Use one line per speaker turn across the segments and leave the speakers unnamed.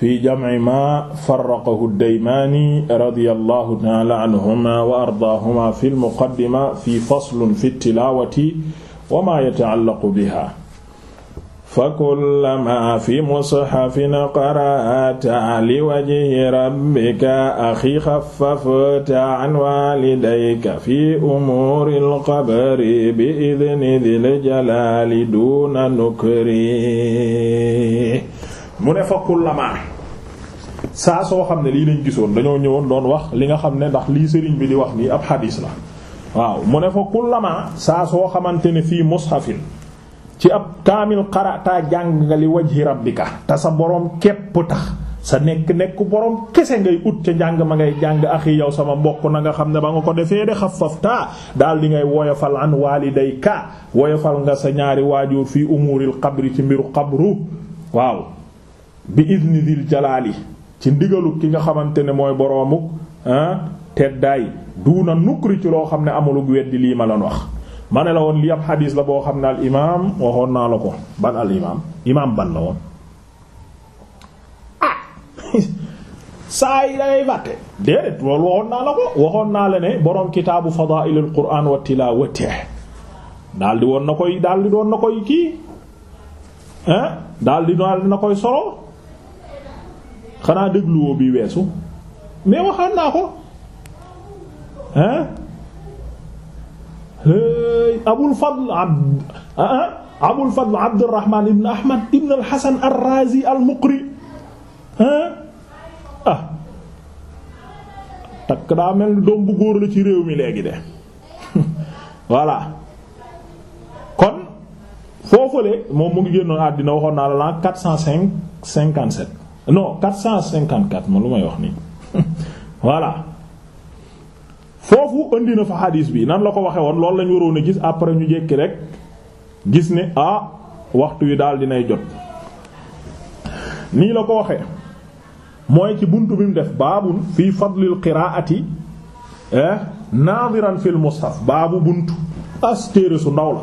fi jam'i ma farraqahu ad-Daymaani radiyallahu ta'ala anhuma wa ardaahuma fi al-muqaddima fi faslun fi at-tilaawati wa ma yata'allaqu biha fakullamaa fi mushafin qara'ata liwajhi rabbika axi xaffafta an waalidayka fi umuuri alqabri bi idni dil jalaali duuna nukri mu ne fa kullamaa saa soo xam ne lii lañ gisoon dañoo ñëwoon doon wax li nga xam ne ndax lii sëriñ bi di wax nii ab xadiis la waaw mu ne fa kullamaa saa soo xamante ne fii mushafin ci ab kaamil xarataa jàng nga li wajhi rabbika te sa boroom képp tax sa nekk nekk boroom kese ngay ut ca jàng ma ngay jàng axi yow sama mbokk na nga xam ne ba nga ko defee de xaffaftaa daal di ngay woyofal an waalidayka woyofal nga sa ñaari waajur fii umuuril qabri mbiru qabru waaw bi izni dil jalaali ci ndigalu ki nga xamante ne mooy boroomuk ah, teddaay duuna nukri ci loo xam ne amulug weddi lii ma lan wax ma ne la woon li ab xadiis la boo xam ne al imaam waxoon naa la ko ban al imaam ban la woon ah saa yi dangay fàtte déedéet loolu waxoon naa la ko waxoon naa la ne boroom kitaabu fadaa'ilul qur'aan wa tilaawatihi daldi woon na koy daldi doon na koy kii ah, daldi daldi na koy solo xanaa dégluwoo bi weesu mais waxaan naa ko hein hey Abul Fadl abd ah, ah, Abul Fadl Abdurrahman ibn Ahmad ibn al-Hasan ar-Razi al-Muqri hein ah takk daa mel doom bu góor la ci réew mi léegi de voilà kon foofule moom mu ngi génnoon àddina waxoon naa la l'an quatre cent cinq cinquante-sept non 454 man lu may wax nii voilà foofu indi na fa xadiis bi nan la ko waxee woon loolu lañu waroon a gis après ñu jekki rek gis ne a ah, waxtu wi daal dinay jot nii la ko waxee mooy ci bunt bi mu def baabu fii fadlil qiraati eh, naadiran fil mushaf baabu bunt astéere su ndaw la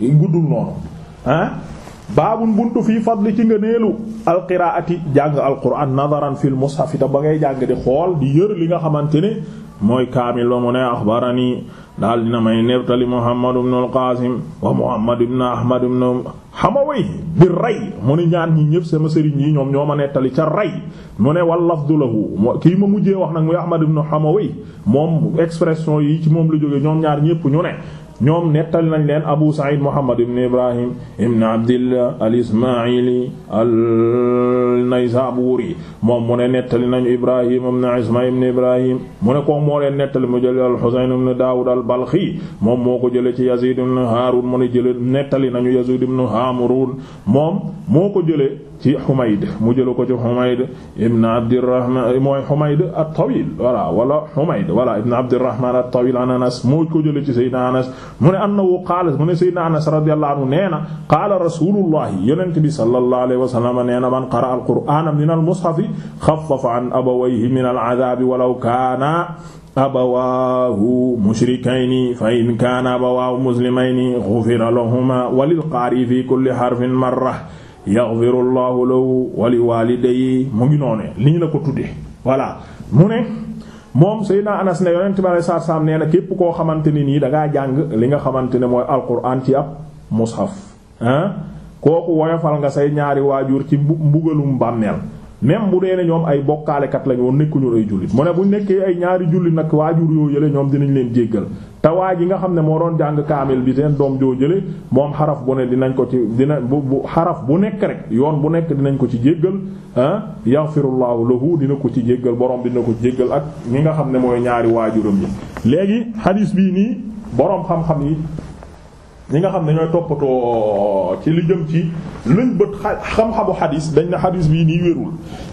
guddul noonu ah baabun buntu fii fadli ci ngëneelu alqiraati jàng alquran nadaran fil mushafi te ba ngay jàng di xool di yër li nga xamante ne mooy kaamil ba mu ne axbarani daal dina may neftali muhammad ibn alqaasim wa muhammad ibn ahmad ibn hamaway bi ray mu ne ñaan ñi ñëpp sama sëriñ yi ñoom ñoo ma nettali ca ray mu ne wal lafdu lahu kii ma mujjee wax nag muy ahmad ibn hamaway moom expression yi ci moom la jóge ñoom ñaar ñëpp ñu ne ñoom nettali nañ leen Abu Sa'id Muhammad ibn Ibrahim ibn Abdillah al-Ismaili an-Naysaburi moom mu ne nettali nañu Ibrahim ibn Ismail ibn Ibrahim mu ne ko moo leen nettali mu jële al-Husayn ibn Dawud al balxi moom moo ko jële ci Yazid ibn Harun mu ne jële nettali nañu Yazid ibn Hamrun moom moo ko jële ci Humayd mu jëla ko ci Humayd ibn Abdirrahman mooy Humayd at-Tawil voilà wala Humayd voilà ibn Abdirrahman at-Tawil an Anas moo ko jële ci Seydina Anas mu ne annahu qaala mu ne Seydina Anas radiyallahu anhu nee na qaala rasulullahi yonent bi sallallahu alayhi wa sallam nee na man qara'a al-Qur'ana min al-mushaf xaffafa an abawayhi min al-'adhabi walaw kaana abawaahu mushrikayni fa in kaana abawaahu muslimayni ghufira lahumaa wa lil qaari'i fii kulli harfin marra yaghfiru llahu lahu wa li walidayhi mu ngi noone nii la ko tudde voilà mu ne moom Seydina Anas ne yonent bi alayhi salaatu salaam nee na képp koo xamante ni nii da jàng li nga xamante ne mooy alquran ci ab mushaf ah kooku woyofal nga say ñaari waajur ci mbugalum bànneel même bu dee ne ñoom ay bokkaalekat lañu woon nekkuñu ay jullit mu ne bu nekkee ay ñaari jullit nag waajur yoo yële ñoom dinañ leen jéggal te waa ji nga xam ne moo doon jàng kaamil bi seen doom joo jële moom xaraf bu ne dinañ ko ci dina bu bu xaraf bu nekk rek yoon bu nekk dinañ ko ci jéggal ah yaghfirullahu lahu dina ko ci jéggal borom dina ko ci jéggal ak ñi nga xam ne mooy ñaari waajuram yi léegi hadis bii nii borom xam-xam yi ñi nga xam ne ñooy toppatoo ci li jëm ci luñ bët xam-xamu xadis dañ ne xadis bii nii wérul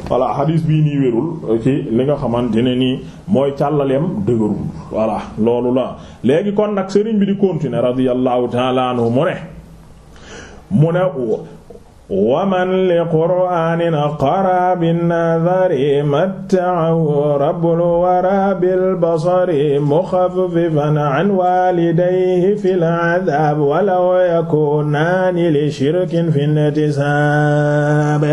voilà xadis bii nii wérul ci li nga xamante ne nii mooy càllaleem dëgërul voilà loolu la léegi kon nag sëriñ bi di continuer radiyallahu ta'ala anhu mu ne mu ne waman li qur'aanin qaraa binnadari mattaahu rabbul wara bilbasari muxaffifan an walidayhi fil adaab walaw yakunaani li shirkin fi intisaab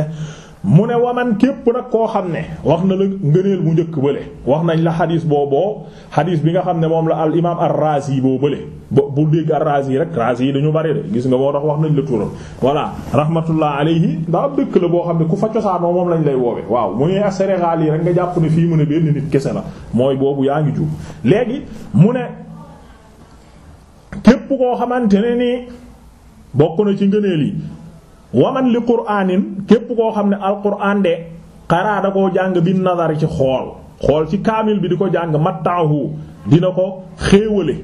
mu ne waman képp nag koo xam ne wax na la ngëneel bu njëkk bële wax nañ la xadis booboo xadis bi nga xam ne moom la al imaam ar-Razi boo bële bu dégg ar-Razi rek Razi yi dañu bari de gis nga moo tax wax nañ la turam voilà rahmatullah alayhi ndax ab dëkk la boo xam ne ku fa cosaanoo moom lañ lay woowe waaw mu ne Sénégal yi rek nga jàpp ne fii mu ne benn nit kese la mooy boobu yaa ngi juum léegi mu ne képp koo xamante ne nii bokk na ci ngëneel yi waman li qur'aanin képp koo xam ne alqur'aan de xaraa da koo jàng bi nazar ci xool xool ci kaamil bi di ko jàng mattaahu dina ko xéewale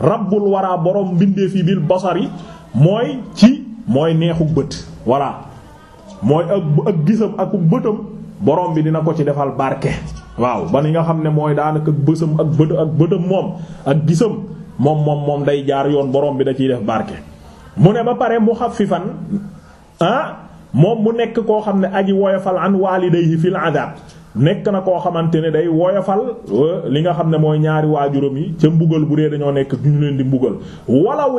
rabbul waraa borom mbindee fi bil basari mooy ci mooy neexu bët voilà mooy ak ak gisam ak bëtam borom bi dina ko ci defal barke waaw ba ni nga xam ne mooy daanaka ak bësam ak bët ak bëtam moom ak gisam moom moom moom day jaar yoon borom bi da ciy def barke mu ne ba pare mu xaffifan ah moom mu nekk koo xam ne aji woyofal an walidayhi fil adab nekk na koo xamante ne day woyofal euh, li nga xam ne mooy ñaari waajuram yi ca mbugal bu dee dañoo nekk ñu leen di mbugal walaw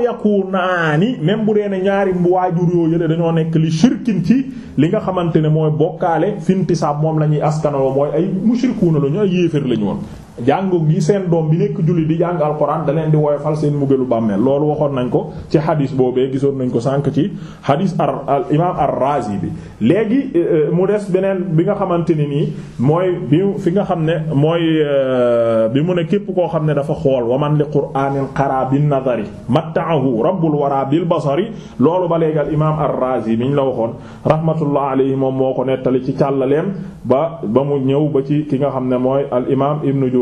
ni même bu dee ne ñaari waajur yoo yële dañoo nekk li shirkin ci li nga xamante ne mooy bokkaale fintisaab moom la ñuy askanaloo mooy ay mushrikuuna la ñu ay yéeféer la ñu woon jàngu gi seen doom bi nekk julli di jàng al alxuraan da leen di woyofal seen muggalu bàmmeel loolu waxoon nañ ko ci xadis boobee gisoon nañ ko sànq ci xadis ar al imaam ar-Razi bi. léegi euh, euh, mu des beneen bi nga xamante ne nii mooy bi fi nga xam ne mooy euh, bi mu ne képp koo xam ne dafa xool wa man li qur'aanil qaraa bin nadari matta'ahu rabbul waraa bil basari loolu ba léegi al imaam ar-Razi bi ñu la waxoon rahmatullah alayhi moom moo ko nettali ci càllaleem ba ba mu ñëw ba ci ki nga xam ne mooy al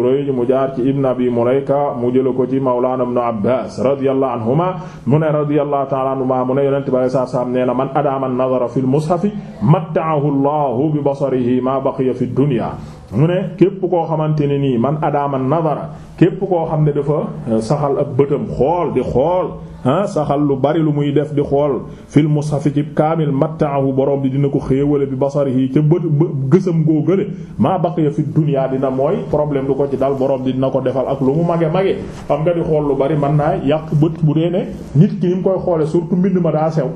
Jurayj mu jaar ci ibn abi Mulayka mu jëla ko ci mawlana ibn Abbas radiyallahu anhuma mu ne radiyallahu ta'ala anhuma mu ne yonent bi saa saam nee na man adaama nadara fil mushafi matta'ahu Allahu bi basarihi ma baqiya fid dunya mu ne képp koo xamante ne nii man adaama nadara képp koo xam ne dafa saxal ab bëtam xool di xool ah saxal lu bari lu muy def di xool fil mushafi ci kaamil mattaahu borom bi dina ko xéewale bi yi ca bët gësam goo gële maa baqiya fi dunya dina mooy problème du ko ci dal borom bi dina ko defal ak lu mu mage mage xam nga di xool lu bari mën naa yàq bët bu dee ne nit ki ni mu koy xoole surtout mbind ma daa sew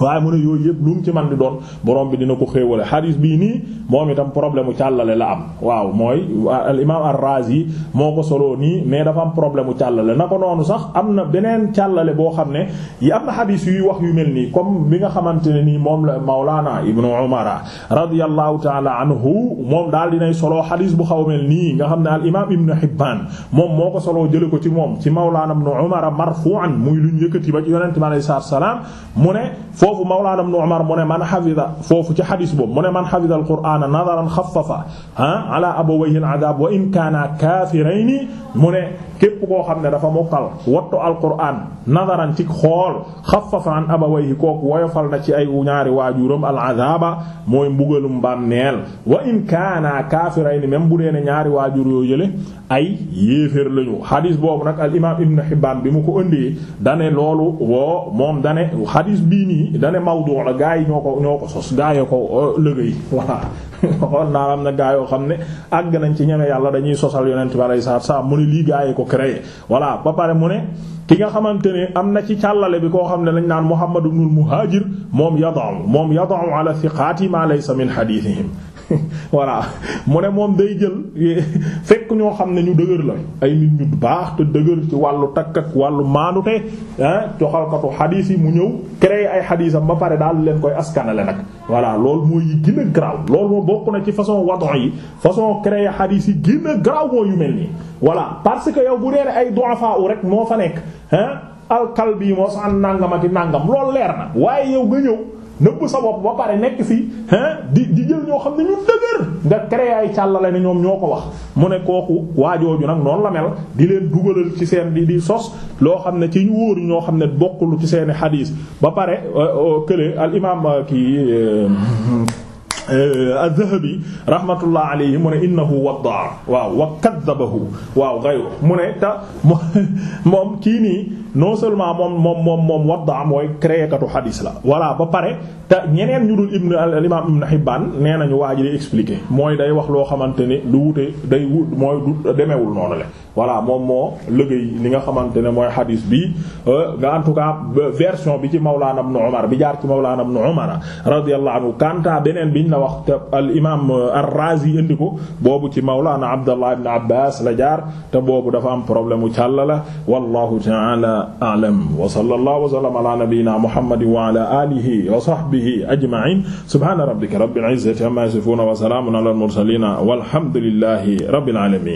waaye mu ne yooyu yëpp lu mu ci man di doon borom bi dina ko xéewale xadiis bii nii moom itam problème mu càllale la am waaw mooy al imaam ar-Razi moo ko soloo nii mais dafa am problème mu càllale na ko noonu sax am na beneen càllale boo xam ne yi am na xadiis yuy wax yu mel nii comme bi nga xamante ne nii moom la Mawlana Ibnu Umar radiyallahu an anhu moom daal dinay soloo xadiis bu xaw mel nii nga xam ne al imaam Ibnu Hibbaan moom moo ko soloo jële ko ci moom ci Mawlana Ibnu Umar marfu'an muy luñ yëkkati ba ci foofu mawlaana ibn Umar mu ne man xafida foofu ci xadis boobu mu ne man xafida alqur'ana nadaran xafafa ah ala abawayhi al'adab wa in kaana kaafirayni mu ne képp koo xam ne dafa mokkal wattu alquran nazaran ci xool xaffafa an abawayhi kooku woyofal na ci ay ñaari waajuram al azaba mooy mbugalum bàmmeel wa in kaana kaafirayni même bu dee ne ñaari waajur yoo yële ay yéeféer lañu xadis boobu nag al imaam ibn Hibbaan bi mu ko ëndee dane loolu woo moom dane xadis bii nii dane mawdu la gaa yi ñoo ko ñoo ko sos gaa yi ko euh, lëgëy waxoon naa am na gaa yoo xam ne àgg nañ ci ñeme yàlla dañuy sosal yonent bi alayhi salaatu mu ne lii gaa ko créé voilà ba pare mu ne ki nga xamante ne am na ci càllale bi koo xam ne lañ naan Muhammad ibnul Muhaajir moom yada'u moom yada'u ala thiqaati ma laysa min hadithihim voilà mu ne moom day jël fekk ñoo xam ne ñu dëgër la ay nit ñu baax te dëgër ci wàllu takk ak wàllu maanute ah joxalkatu xadiis yi mu ñëw créer ay xadiisam ba pare daal leen koy askanale nag voilà loolu mooy yi gën a garaaw moo bokk na ci façon wadon yi façon créer xadiis yi gën a garaaw yu mel nii voilà parce que yow bu dee ay du'afa u rek moo fa nekk ah yi moo sa an nàngamati nàngam loolu leer na waaye yow nga ñëw nëbb sa bopp ba pare nekk si hein di di jël ñoo xam ne ñu dëgër nga créé ay càllale ne ñoom ñoo ko wax mu ne kooku waajooju nag noonu la mel di leen dugalal ci seen di di sos loo xam ne ci ñu wóor ñoo xam ne bokkul ci seeni xadiis ba pare euh, euh, kële al imaam euh, kii Eh, az-Zahabi rahmatullah alayhi mu ne innahu waddaa waaw wa kaddabahu waaw ghayru mu ne te moom kii nii non seulement moom moom moom moom waddaa mooy créé katu xadiis la voilà ba pare te ñeneen ñu dul ibnu al imaam ibnu Hibbaan nee nañu waa ji day mooy day wax loo xamante ne lu wute day wut mooy du demewul noonu la voilà moom moo liggéey li nga xamante ne mooy xadiis bi nga euh, en tout version bi ci Mawlaana ibnu Umar bi jaar ci Mawlaana ibnu Umar radiyallahu anhu beneen la wax te al imaam ar-Razi indi ko boobu ci mawlaana Abdallah ibn Abbas la jaar te boobu dafa am problème mu càll la wallahu ta'ala a'lam wa sallallahu wa sallama ala nabiyyina Muhammad wa ala alihi wa sahbihi ajma'in subhana rabbika rabbil izzati amma yasifun wa salamun ala al-mursalin walhamdulillahi rabbil alamin